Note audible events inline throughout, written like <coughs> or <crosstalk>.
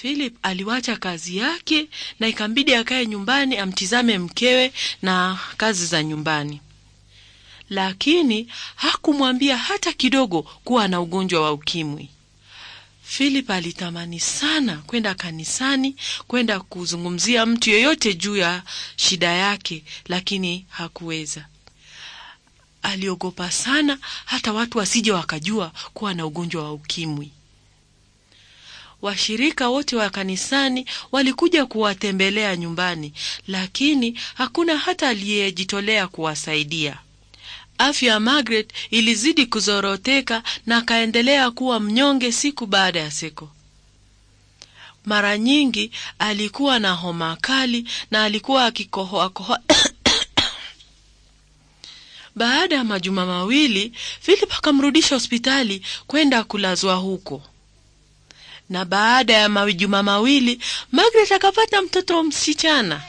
Philip aliwacha kazi yake na ikambidi akae nyumbani amtizame mkewe na kazi za nyumbani, lakini hakumwambia hata kidogo kuwa ana ugonjwa wa ukimwi. Philip alitamani sana kwenda kanisani, kwenda kuzungumzia mtu yeyote juu ya shida yake, lakini hakuweza. Aliogopa sana hata watu wasije wakajua kuwa na ugonjwa wa ukimwi. Washirika wote wa kanisani walikuja kuwatembelea nyumbani, lakini hakuna hata aliyejitolea kuwasaidia. Afya ya Margaret ilizidi kuzoroteka na akaendelea kuwa mnyonge siku baada ya siku. Mara nyingi alikuwa na homa kali na alikuwa akikohoa kohoa. <coughs> Baada ya majuma mawili, Philip akamrudisha hospitali kwenda kulazwa huko na baada ya majuma mawili magret akapata mtoto msichana.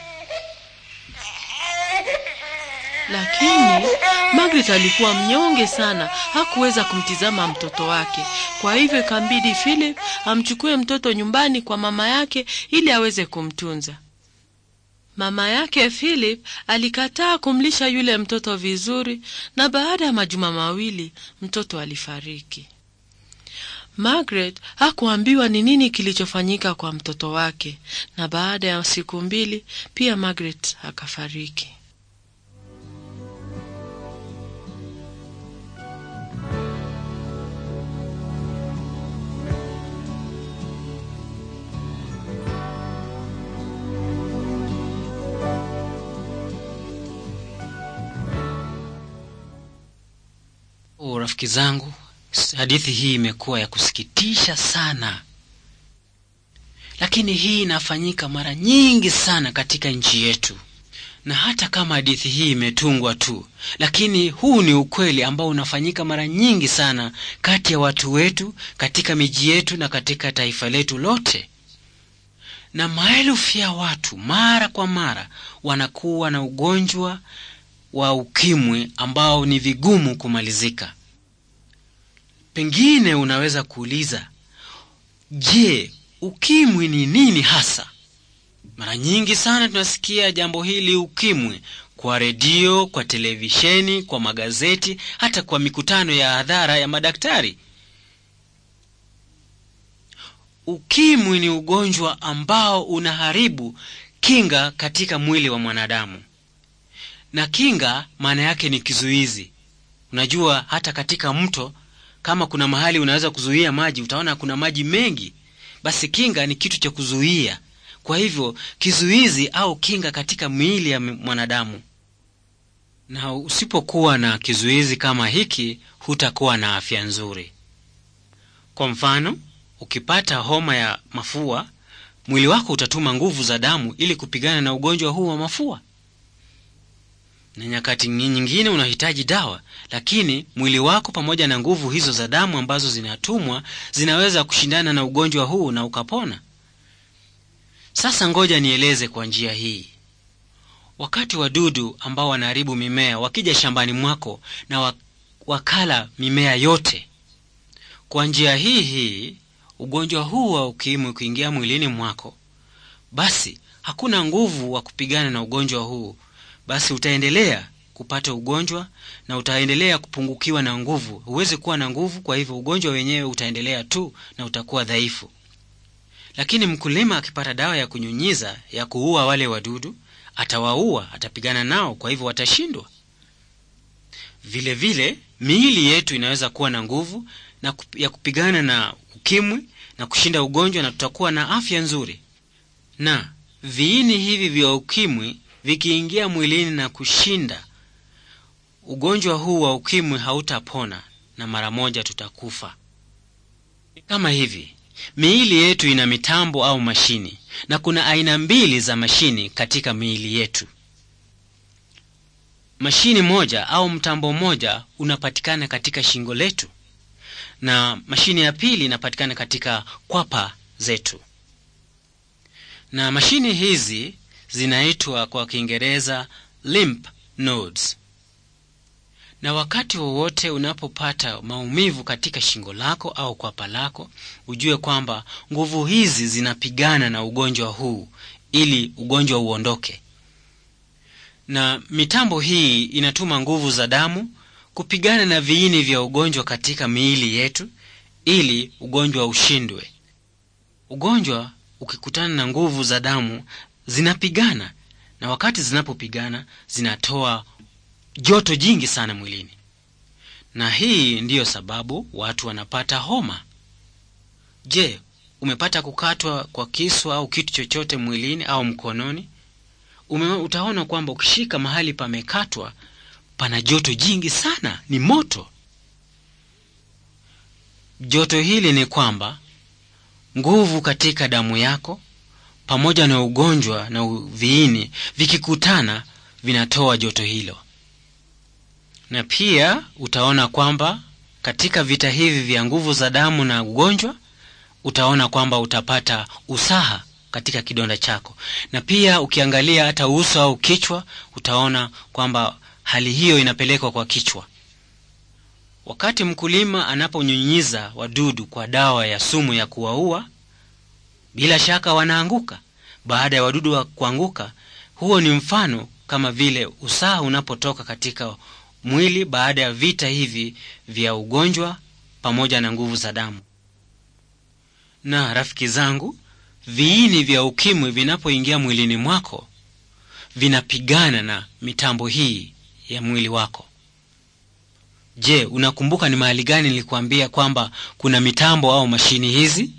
Lakini magret alikuwa mnyonge sana, hakuweza kumtizama mtoto wake. Kwa hivyo ikambidi Philip amchukue mtoto nyumbani kwa mama yake ili aweze kumtunza. Mama yake Philip alikataa kumlisha yule mtoto vizuri, na baada ya majuma mawili mtoto alifariki. Margaret hakuambiwa ni nini kilichofanyika kwa mtoto wake, na baada ya siku mbili pia Margaret akafariki. Rafiki zangu Hadithi hii imekuwa ya kusikitisha sana, lakini hii inafanyika mara nyingi sana katika nchi yetu, na hata kama hadithi hii imetungwa tu, lakini huu ni ukweli ambao unafanyika mara nyingi sana kati ya watu wetu, katika miji yetu na katika taifa letu lote, na maelfu ya watu mara kwa mara wanakuwa na ugonjwa wa ukimwi ambao ni vigumu kumalizika. Pengine unaweza kuuliza, je, ukimwi ni nini hasa? Mara nyingi sana tunasikia jambo hili ukimwi kwa redio, kwa televisheni, kwa magazeti, hata kwa mikutano ya hadhara ya madaktari. Ukimwi ni ugonjwa ambao unaharibu kinga katika mwili wa mwanadamu, na kinga maana yake ni kizuizi. Unajua, hata katika mto kama kuna mahali unaweza kuzuia maji utaona kuna maji mengi basi kinga ni kitu cha kuzuia kwa hivyo kizuizi au kinga katika miili ya mwanadamu na usipokuwa na kizuizi kama hiki hutakuwa na afya nzuri kwa mfano ukipata homa ya mafua mwili wako utatuma nguvu za damu ili kupigana na ugonjwa huu wa mafua na nyakati nyingine unahitaji dawa, lakini mwili wako pamoja na nguvu hizo za damu ambazo zinatumwa zinaweza kushindana na ugonjwa huu na ukapona. Sasa ngoja nieleze kwa njia hii. Wakati wadudu ambao wanaharibu mimea wakija shambani mwako na wakala mimea yote, kwa njia hii hii ugonjwa huu wa ukimwi kuingia mwilini mwako, basi hakuna nguvu wa kupigana na ugonjwa huu basi utaendelea kupata ugonjwa na utaendelea kupungukiwa na nguvu. Huwezi kuwa na nguvu, kwa hivyo ugonjwa wenyewe utaendelea tu na utakuwa dhaifu. Lakini mkulima akipata dawa ya kunyunyiza ya kuua wale wadudu, atawaua, atapigana nao, kwa hivyo watashindwa. Vile vile miili yetu inaweza kuwa na nguvu na ya kupigana na ukimwi na kushinda ugonjwa, na tutakuwa na afya nzuri. Na viini hivi vya ukimwi vikiingia mwilini na kushinda, ugonjwa huu wa ukimwi hautapona na mara moja tutakufa. Kama hivi, miili yetu ina mitambo au mashini, na kuna aina mbili za mashini katika miili yetu. Mashini moja au mtambo mmoja unapatikana katika shingo letu na mashini ya pili inapatikana katika kwapa zetu, na mashini hizi zinaitwa kwa Kiingereza lymph nodes. Na wakati wowote unapopata maumivu katika shingo lako au kwapa lako, ujue kwamba nguvu hizi zinapigana na ugonjwa huu ili ugonjwa uondoke. Na mitambo hii inatuma nguvu za damu kupigana na viini vya ugonjwa katika miili yetu ili ugonjwa ushindwe. Ugonjwa ukikutana na nguvu za damu zinapigana, na wakati zinapopigana zinatoa joto jingi sana mwilini, na hii ndiyo sababu watu wanapata homa. Je, umepata kukatwa kwa kisu au kitu chochote mwilini au mkononi? Ume, utaona kwamba ukishika mahali pamekatwa pana joto jingi sana, ni moto. Joto hili ni kwamba nguvu katika damu yako pamoja na ugonjwa na viini vikikutana vinatoa joto hilo. Na pia utaona kwamba katika vita hivi vya nguvu za damu na ugonjwa, utaona kwamba utapata usaha katika kidonda chako, na pia ukiangalia hata uso au kichwa, utaona kwamba hali hiyo inapelekwa kwa kichwa. Wakati mkulima anaponyunyiza wadudu kwa dawa ya sumu ya kuwaua, bila shaka wanaanguka. Baada ya wadudu wa kuanguka, huo ni mfano kama vile usaha unapotoka katika mwili baada ya vita hivi vya ugonjwa pamoja na nguvu za damu. Na rafiki zangu, viini vya ukimwi vinapoingia mwilini mwako vinapigana na mitambo hii ya mwili wako. Je, unakumbuka ni mahali gani nilikuambia kwamba kuna mitambo au mashini hizi?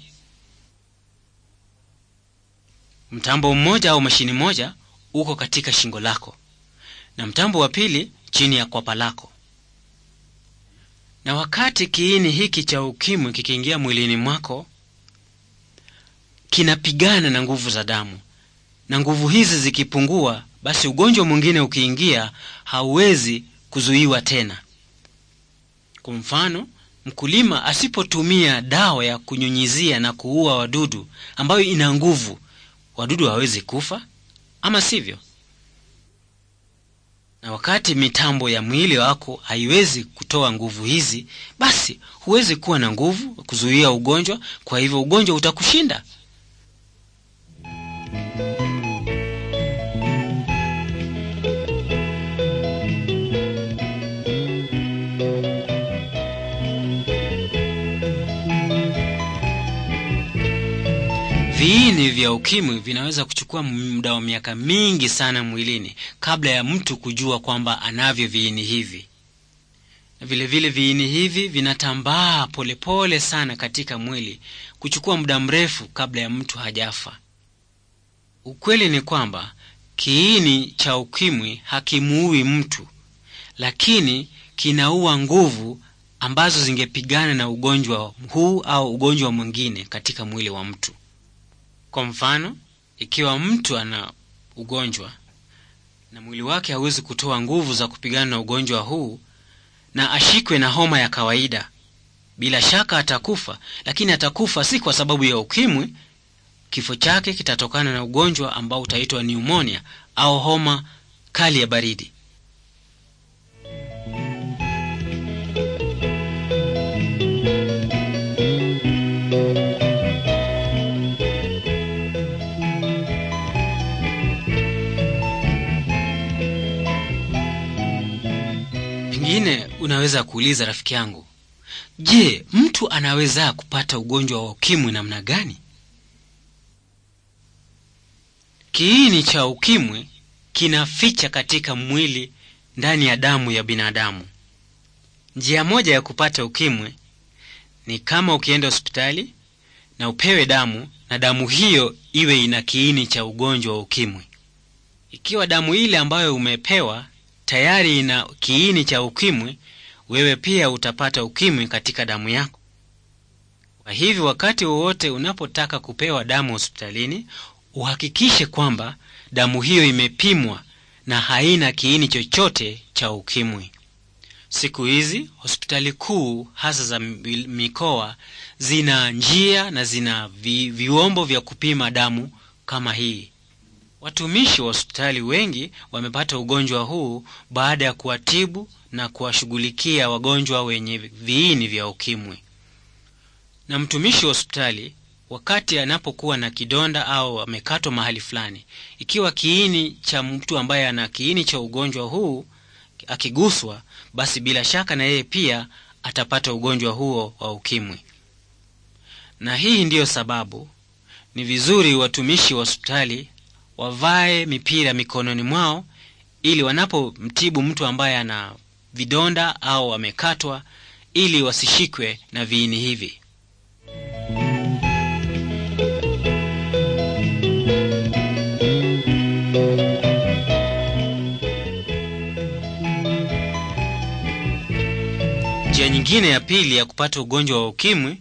Mtambo mmoja au mashini moja uko katika shingo lako na mtambo wa pili chini ya kwapa lako. Na wakati kiini hiki cha ukimwi kikiingia mwilini mwako, kinapigana na nguvu za damu, na nguvu hizi zikipungua, basi ugonjwa mwingine ukiingia, hauwezi kuzuiwa tena. Kwa mfano, mkulima asipotumia dawa ya kunyunyizia na kuua wadudu ambayo ina nguvu wadudu hawezi kufa, ama sivyo? Na wakati mitambo ya mwili wako haiwezi kutoa nguvu hizi, basi huwezi kuwa na nguvu kuzuia ugonjwa, kwa hivyo ugonjwa utakushinda. Viini vya ukimwi vinaweza kuchukua muda wa miaka mingi sana mwilini kabla ya mtu kujua kwamba anavyo viini hivi. Vilevile vile viini hivi vinatambaa polepole sana katika mwili kuchukua muda mrefu kabla ya mtu hajafa. Ukweli ni kwamba kiini cha ukimwi hakimuui mtu, lakini kinaua nguvu ambazo zingepigana na ugonjwa huu au ugonjwa mwingine katika mwili wa mtu. Kwa mfano, ikiwa mtu ana ugonjwa na mwili wake hauwezi kutoa nguvu za kupigana na ugonjwa huu na ashikwe na homa ya kawaida, bila shaka atakufa, lakini atakufa si kwa sababu ya ukimwi. Kifo chake kitatokana na ugonjwa ambao utaitwa pneumonia au homa kali ya baridi. Pengine unaweza kuuliza rafiki yangu, je, mtu anaweza kupata ugonjwa wa ukimwi namna gani? Kiini cha ukimwi kinaficha katika mwili ndani ya damu ya binadamu. Njia moja ya kupata ukimwi ni kama ukienda hospitali na upewe damu na damu hiyo iwe ina kiini cha ugonjwa wa ukimwi. Ikiwa damu ile ambayo umepewa tayari ina kiini cha ukimwi, wewe pia utapata ukimwi katika damu yako. Kwa hivyo, wakati wowote unapotaka kupewa damu hospitalini, uhakikishe kwamba damu hiyo imepimwa na haina kiini chochote cha ukimwi. Siku hizi hospitali kuu hasa za mikoa zina njia na zina vi, viombo vya kupima damu kama hii. Watumishi wa hospitali wengi wamepata ugonjwa huu baada ya kuwatibu na kuwashughulikia wagonjwa wenye viini vya ukimwi. Na mtumishi wa hospitali wakati anapokuwa na kidonda au amekatwa mahali fulani, ikiwa kiini cha mtu ambaye ana kiini cha ugonjwa huu akiguswa, basi bila shaka na yeye pia atapata ugonjwa huo wa ukimwi. Na hii ndiyo sababu ni vizuri watumishi wa hospitali wavae mipira mikononi mwao ili wanapomtibu mtu ambaye ana vidonda au amekatwa ili wasishikwe na viini hivi. Njia nyingine ya pili ya kupata ugonjwa wa ukimwi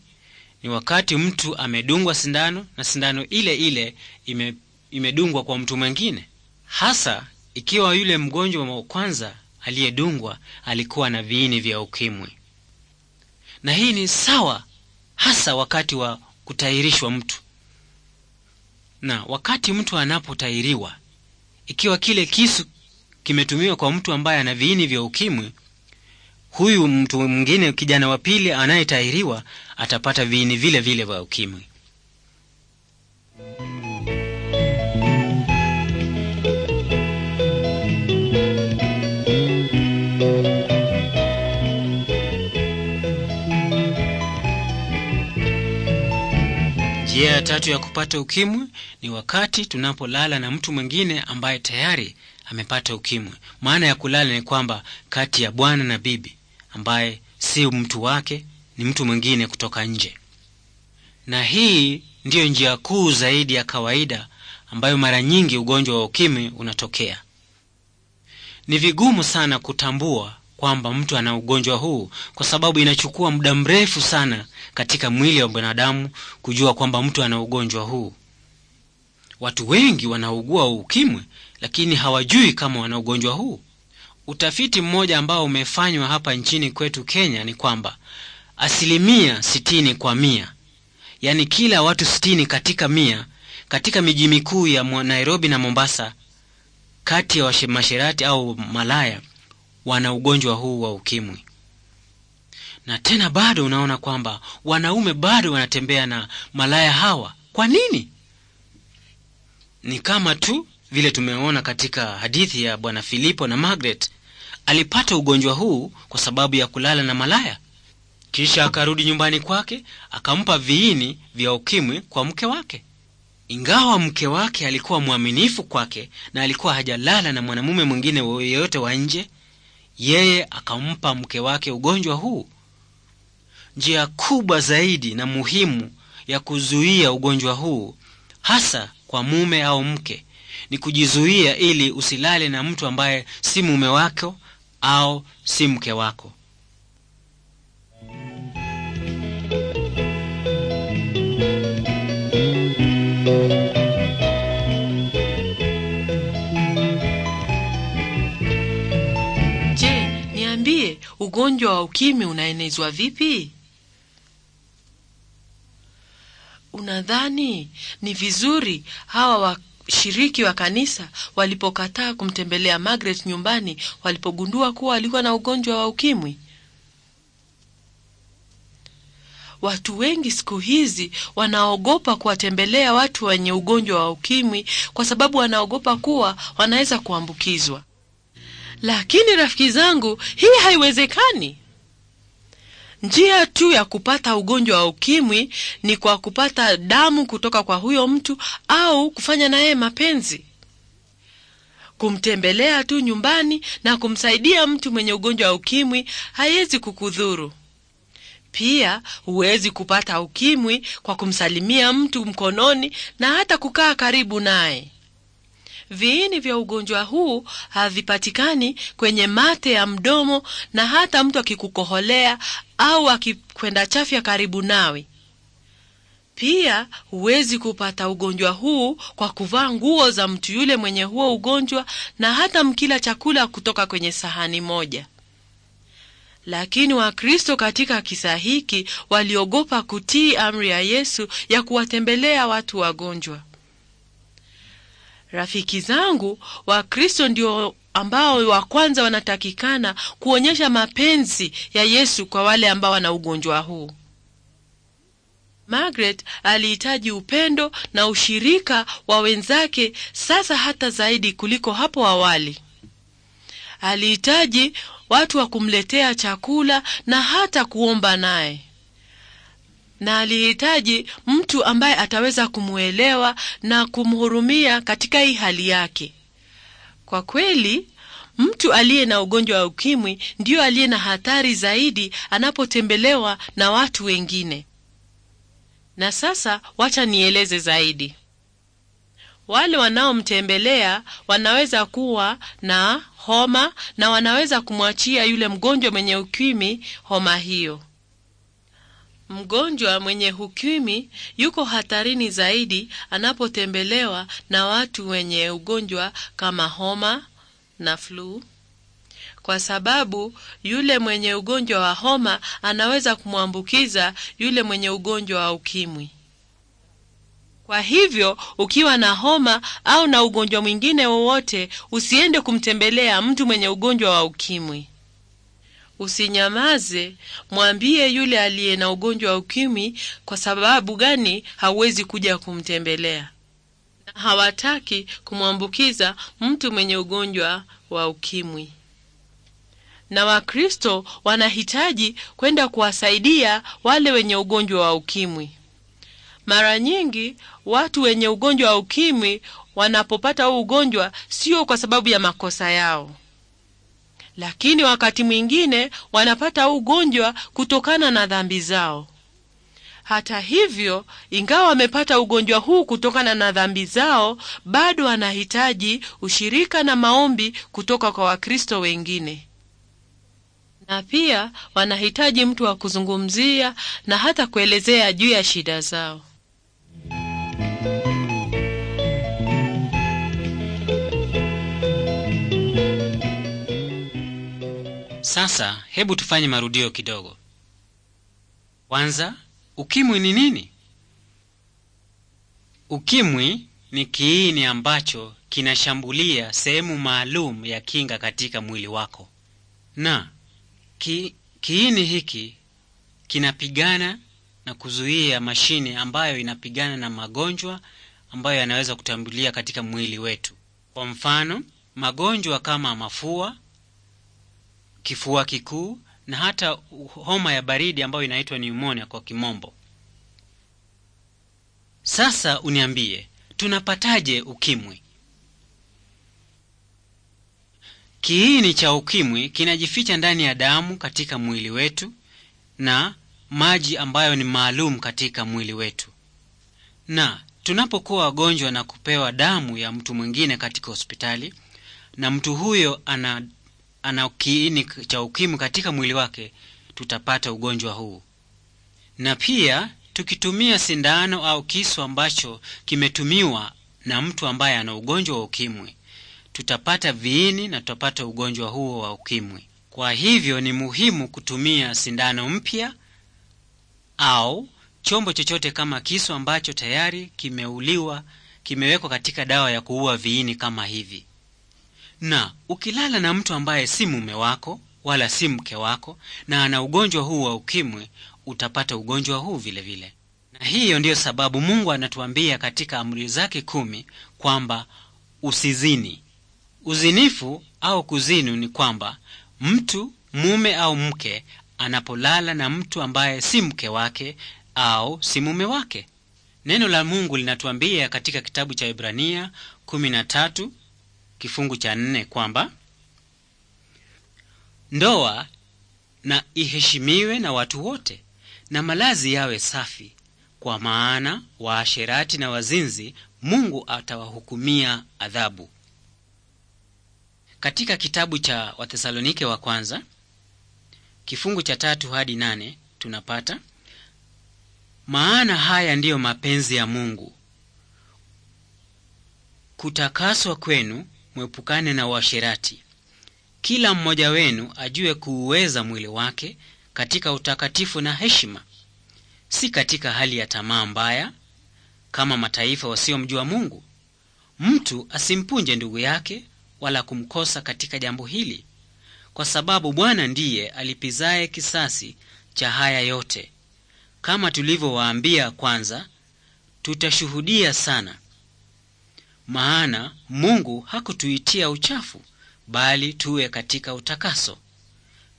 ni wakati mtu amedungwa sindano na sindano ile ile ime imedungwa kwa mtu mwingine, hasa ikiwa yule mgonjwa wa kwanza aliyedungwa alikuwa na viini vya ukimwi. Na hii ni sawa hasa wakati wa kutairishwa mtu. Na wakati mtu anapotairiwa, ikiwa kile kisu kimetumiwa kwa mtu ambaye ana viini vya ukimwi, huyu mtu mwingine, kijana wa pili anayetairiwa, atapata viini vile vile vya ukimwi. Njia ya tatu ya kupata ukimwi ni wakati tunapolala na mtu mwingine ambaye tayari amepata ukimwi. Maana ya kulala ni kwamba kati ya bwana na bibi, ambaye si mtu wake, ni mtu mwingine kutoka nje. Na hii ndiyo njia kuu zaidi ya kawaida ambayo mara nyingi ugonjwa wa ukimwi unatokea. Ni vigumu sana kutambua kwamba mtu ana ugonjwa huu kwa sababu inachukua muda mrefu sana katika mwili wa binadamu kujua kwamba mtu ana ugonjwa huu. Watu wengi wanaugua ukimwi lakini hawajui kama wana ugonjwa huu. Utafiti mmoja ambao umefanywa hapa nchini kwetu Kenya ni kwamba asilimia sitini kwa mia, yaani kila watu sitini katika mia katika miji mikuu ya Nairobi na Mombasa, kati ya wa au malaya wana ugonjwa huu wa ukimwi na tena bado unaona kwamba wanaume bado wanatembea na malaya hawa kwa nini ni kama tu vile tumeona katika hadithi ya bwana filipo na magret alipata ugonjwa huu kwa sababu ya kulala na malaya kisha akarudi nyumbani kwake akampa viini vya ukimwi kwa mke wake ingawa mke wake alikuwa mwaminifu kwake na alikuwa hajalala na mwanamume mwingine yeyote wa nje yeye akampa mke wake ugonjwa huu? Njia kubwa zaidi na muhimu ya kuzuia ugonjwa huu hasa kwa mume au mke ni kujizuia ili usilale na mtu ambaye si mume wako au si mke wako. ugonjwa wa ukimwi unaenezwa vipi? Unadhani ni vizuri hawa washiriki wa kanisa walipokataa kumtembelea Margaret nyumbani walipogundua kuwa alikuwa na ugonjwa wa ukimwi? Watu wengi siku hizi wanaogopa kuwatembelea watu wenye ugonjwa wa ukimwi kwa sababu wanaogopa kuwa wanaweza kuambukizwa. Lakini rafiki zangu, hii haiwezekani. Njia tu ya kupata ugonjwa wa ukimwi ni kwa kupata damu kutoka kwa huyo mtu au kufanya naye mapenzi, kumtembelea tu nyumbani na kumsaidia mtu mwenye ugonjwa wa ukimwi haiwezi kukudhuru. Pia huwezi kupata ukimwi kwa kumsalimia mtu mkononi na hata kukaa karibu naye. Viini vya ugonjwa huu havipatikani kwenye mate ya mdomo, na hata mtu akikukoholea au akikwenda chafya karibu nawe. Pia huwezi kupata ugonjwa huu kwa kuvaa nguo za mtu yule mwenye huo ugonjwa, na hata mkila chakula kutoka kwenye sahani moja. Lakini Wakristo katika kisa hiki waliogopa kutii amri ya Yesu ya kuwatembelea watu wagonjwa. Rafiki zangu Wakristo ndio ambao wa kwanza wanatakikana kuonyesha mapenzi ya Yesu kwa wale ambao wana ugonjwa huu. Margaret alihitaji upendo na ushirika wa wenzake sasa hata zaidi kuliko hapo awali. Alihitaji watu wa kumletea chakula na hata kuomba naye na alihitaji mtu ambaye ataweza kumwelewa na kumhurumia katika hii hali yake. Kwa kweli, mtu aliye na ugonjwa wa ukimwi ndiyo aliye na hatari zaidi anapotembelewa na watu wengine. Na sasa wacha nieleze zaidi. Wale wanaomtembelea wanaweza kuwa na homa na wanaweza kumwachia yule mgonjwa mwenye ukimwi homa hiyo. Mgonjwa mwenye ukimwi yuko hatarini zaidi anapotembelewa na watu wenye ugonjwa kama homa na flu, kwa sababu yule mwenye ugonjwa wa homa anaweza kumwambukiza yule mwenye ugonjwa wa ukimwi. Kwa hivyo ukiwa na homa au na ugonjwa mwingine wowote, usiende kumtembelea mtu mwenye ugonjwa wa ukimwi. Usinyamaze, mwambie yule aliye na ugonjwa wa ukimwi kwa sababu gani hauwezi kuja kumtembelea. Na hawataki kumwambukiza mtu mwenye ugonjwa wa ukimwi. Na Wakristo wanahitaji kwenda kuwasaidia wale wenye ugonjwa wa ukimwi. Mara nyingi watu wenye ugonjwa wa ukimwi wanapopata huu ugonjwa sio kwa sababu ya makosa yao lakini wakati mwingine wanapata ugonjwa kutokana na dhambi zao. Hata hivyo, ingawa wamepata ugonjwa huu kutokana na dhambi zao, bado wanahitaji ushirika na maombi kutoka kwa Wakristo wengine, na pia wanahitaji mtu wa kuzungumzia na hata kuelezea juu ya shida zao. Sasa hebu tufanye marudio kidogo. Kwanza, ukimwi ni nini? Ukimwi ni kiini ambacho kinashambulia sehemu maalum ya kinga katika mwili wako, na ki, kiini hiki kinapigana na kuzuia mashine ambayo inapigana na magonjwa ambayo yanaweza kutambulia katika mwili wetu. Kwa mfano, magonjwa kama mafua, kifua kikuu na hata homa ya baridi ambayo inaitwa pneumonia kwa kimombo. Sasa uniambie, tunapataje ukimwi? Kiini cha ukimwi kinajificha ndani ya damu katika mwili wetu na maji ambayo ni maalum katika mwili wetu, na tunapokuwa wagonjwa na kupewa damu ya mtu mwingine katika hospitali na mtu huyo ana ana kiini cha ukimwi katika mwili wake tutapata ugonjwa huu. Na pia tukitumia sindano au kisu ambacho kimetumiwa na mtu ambaye ana ugonjwa wa ukimwi tutapata viini na tutapata ugonjwa huo wa ukimwi. Kwa hivyo ni muhimu kutumia sindano mpya au chombo chochote kama kisu ambacho tayari kimeuliwa kimewekwa katika dawa ya kuua viini kama hivi. Na ukilala na mtu ambaye si mume wako wala si mke wako na ana ugonjwa huu wa ukimwi, utapata ugonjwa huu vile vile. Na hiyo ndiyo sababu Mungu anatuambia katika amri zake kumi kwamba usizini. Uzinifu au kuzinu ni kwamba mtu mume au mke anapolala na mtu ambaye si mke wake au si mume wake. Neno la Mungu linatuambia katika kitabu cha Ibrania kifungu cha nne kwamba ndoa na iheshimiwe na watu wote na malazi yawe safi, kwa maana waasherati na wazinzi Mungu atawahukumia adhabu. Katika kitabu cha Wathesalonike wa kwanza kifungu cha tatu hadi nane tunapata maana haya ndiyo mapenzi ya Mungu, kutakaswa kwenu mwepukane na uasherati. Kila mmoja wenu ajue kuuweza mwili wake katika utakatifu na heshima, si katika hali ya tamaa mbaya kama mataifa wasiomjua Mungu. Mtu asimpunje ndugu yake wala kumkosa katika jambo hili, kwa sababu Bwana ndiye alipizaye kisasi cha haya yote, kama tulivyowaambia kwanza, tutashuhudia sana. Maana Mungu hakutuitia uchafu, bali tuwe katika utakaso.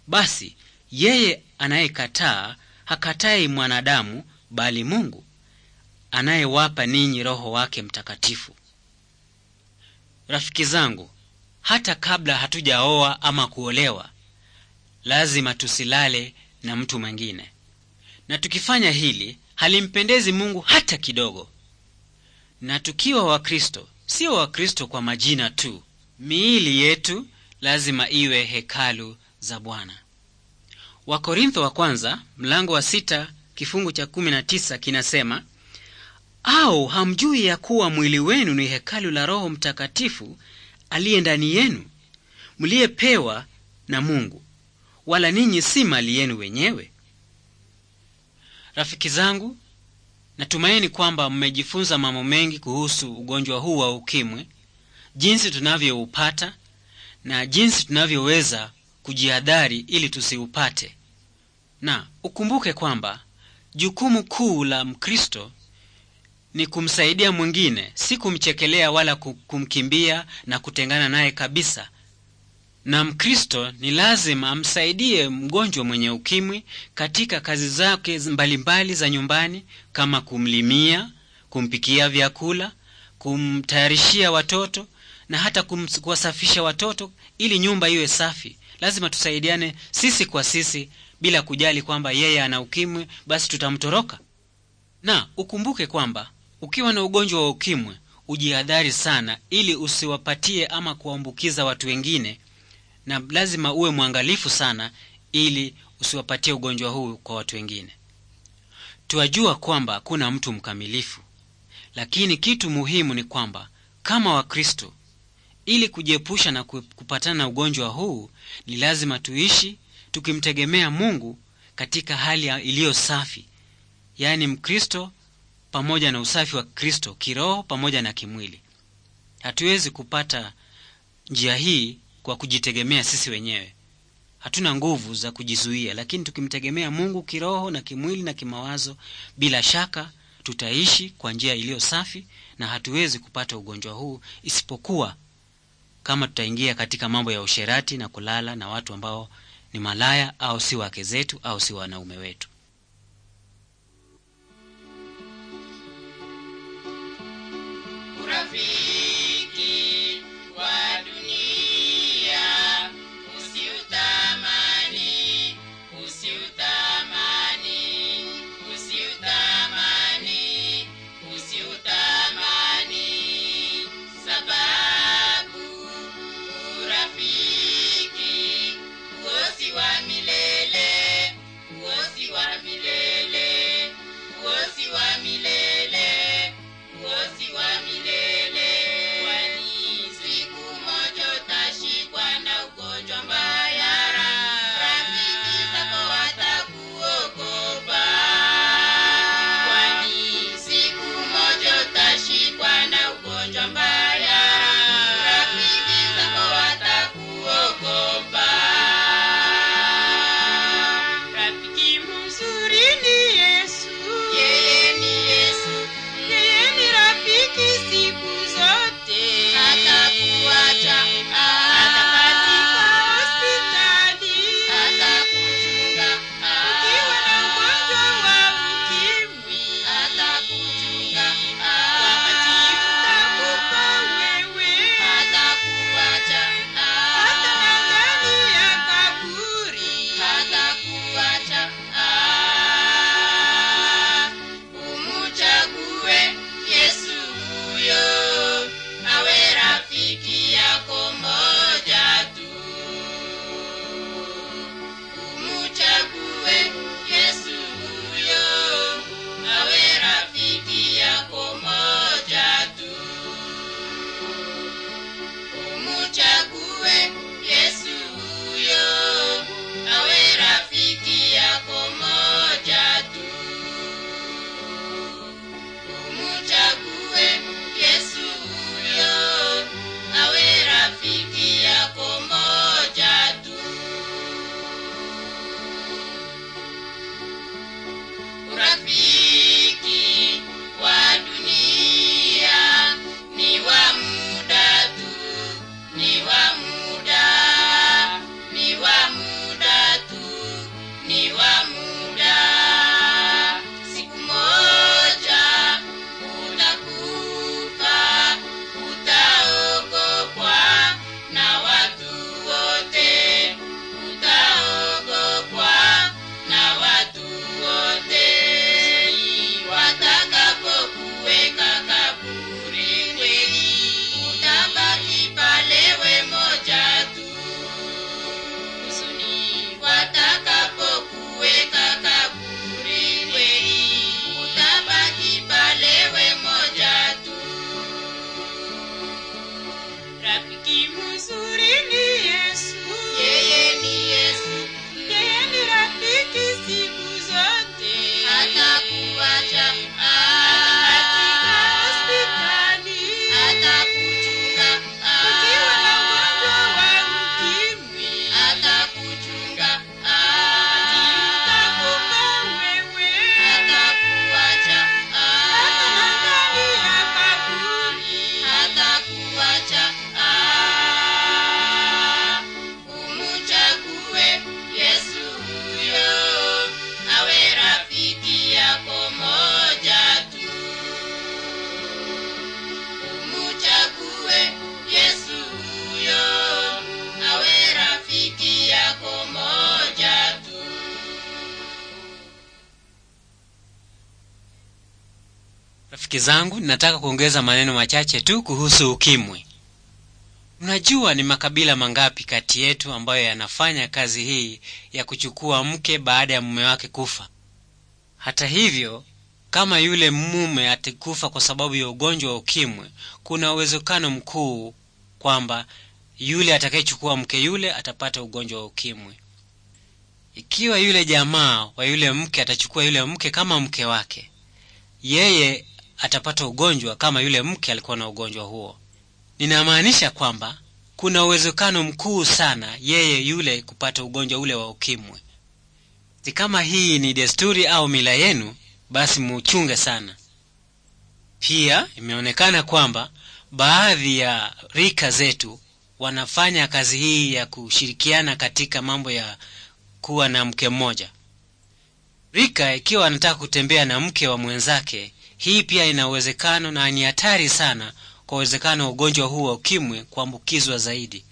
Basi yeye anayekataa hakatai mwanadamu, bali Mungu anayewapa ninyi Roho wake Mtakatifu. Rafiki zangu, hata kabla hatujaoa ama kuolewa, lazima tusilale na mtu mwingine, na tukifanya hili halimpendezi Mungu hata kidogo. Na tukiwa Wakristo sio Wakristo kwa majina tu. Miili yetu lazima iwe hekalu za Bwana. Wakorintho wa kwanza mlango wa sita kifungu cha kumi na tisa kinasema, au hamjui ya kuwa mwili wenu ni hekalu la Roho Mtakatifu aliye ndani yenu mliyepewa na Mungu, wala ninyi si mali yenu wenyewe? Rafiki zangu, Natumaini kwamba mmejifunza mambo mengi kuhusu ugonjwa huu wa ukimwi, jinsi tunavyoupata na jinsi tunavyoweza kujihadhari ili tusiupate. Na ukumbuke kwamba jukumu kuu la Mkristo ni kumsaidia mwingine, si kumchekelea wala kumkimbia na kutengana naye kabisa, na Mkristo ni lazima amsaidie mgonjwa mwenye ukimwi katika kazi zake mbalimbali za nyumbani kama kumlimia, kumpikia vyakula, kumtayarishia watoto na hata kuwasafisha watoto ili nyumba iwe safi. Lazima tusaidiane sisi kwa sisi bila kujali kwamba yeye ana ukimwi basi tutamtoroka. Na ukumbuke kwamba ukiwa na ugonjwa wa ukimwi ujihadhari sana ili usiwapatie ama kuwaambukiza watu wengine na lazima uwe mwangalifu sana ili usiwapatie ugonjwa huu kwa watu wengine. Twajua kwamba hakuna mtu mkamilifu, lakini kitu muhimu ni kwamba kama Wakristo, ili kujiepusha na kupatana na ugonjwa huu, ni lazima tuishi tukimtegemea Mungu katika hali iliyo safi, yaani Mkristo pamoja na usafi wa Kristo kiroho pamoja na kimwili. Hatuwezi kupata njia hii kwa kujitegemea sisi wenyewe. Hatuna nguvu za kujizuia, lakini tukimtegemea Mungu kiroho na kimwili na kimawazo, bila shaka tutaishi kwa njia iliyo safi na hatuwezi kupata ugonjwa huu, isipokuwa kama tutaingia katika mambo ya usherati na kulala na watu ambao ni malaya au si wake zetu au si wanaume wetu. Urafi. rafiki zangu, ninataka kuongeza maneno machache tu kuhusu ukimwi. Mnajua ni makabila mangapi kati yetu ambayo yanafanya kazi hii ya kuchukua mke baada ya mume wake kufa? Hata hivyo, kama yule mume atikufa kwa sababu ya ugonjwa wa ukimwi, kuna uwezekano mkuu kwamba yule atakayechukua mke yule atapata ugonjwa wa ukimwi. Ikiwa yule jamaa wa yule mke atachukua yule mke kama mke wake, yeye atapata ugonjwa kama yule mke alikuwa na ugonjwa huo ninamaanisha kwamba kuna uwezekano mkuu sana yeye yule kupata ugonjwa ule wa ukimwi kama hii ni desturi au mila yenu basi muchunge sana pia imeonekana kwamba baadhi ya rika zetu wanafanya kazi hii ya kushirikiana katika mambo ya kuwa na mke mmoja rika ikiwa anataka kutembea na mke wa mwenzake hii pia ina uwezekano na ni hatari sana kwa uwezekano wa ugonjwa huu wa ukimwi kuambukizwa zaidi.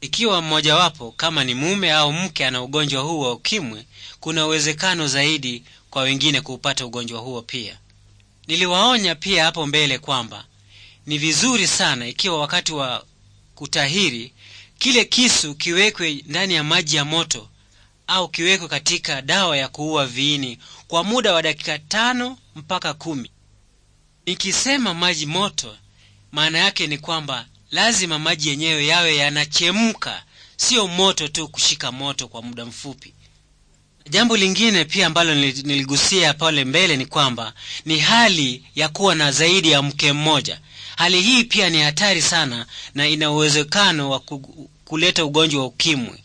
Ikiwa mmojawapo kama ni mume au mke ana ugonjwa huu wa ukimwi, kuna uwezekano zaidi kwa wengine kuupata ugonjwa huo pia. Niliwaonya pia hapo mbele kwamba ni vizuri sana ikiwa wakati wa kutahiri kile kisu kiwekwe ndani ya maji ya moto au kiwekwe katika dawa ya kuua viini kwa muda wa dakika tano mpaka kumi. Nikisema maji moto, maana yake ni kwamba lazima maji yenyewe yawe yanachemka, sio moto tu kushika moto kwa muda mfupi. Jambo lingine pia ambalo niligusia pale mbele ni kwamba ni hali ya kuwa na zaidi ya mke mmoja. Hali hii pia ni hatari sana na ina uwezekano wa kuleta ugonjwa wa ukimwi.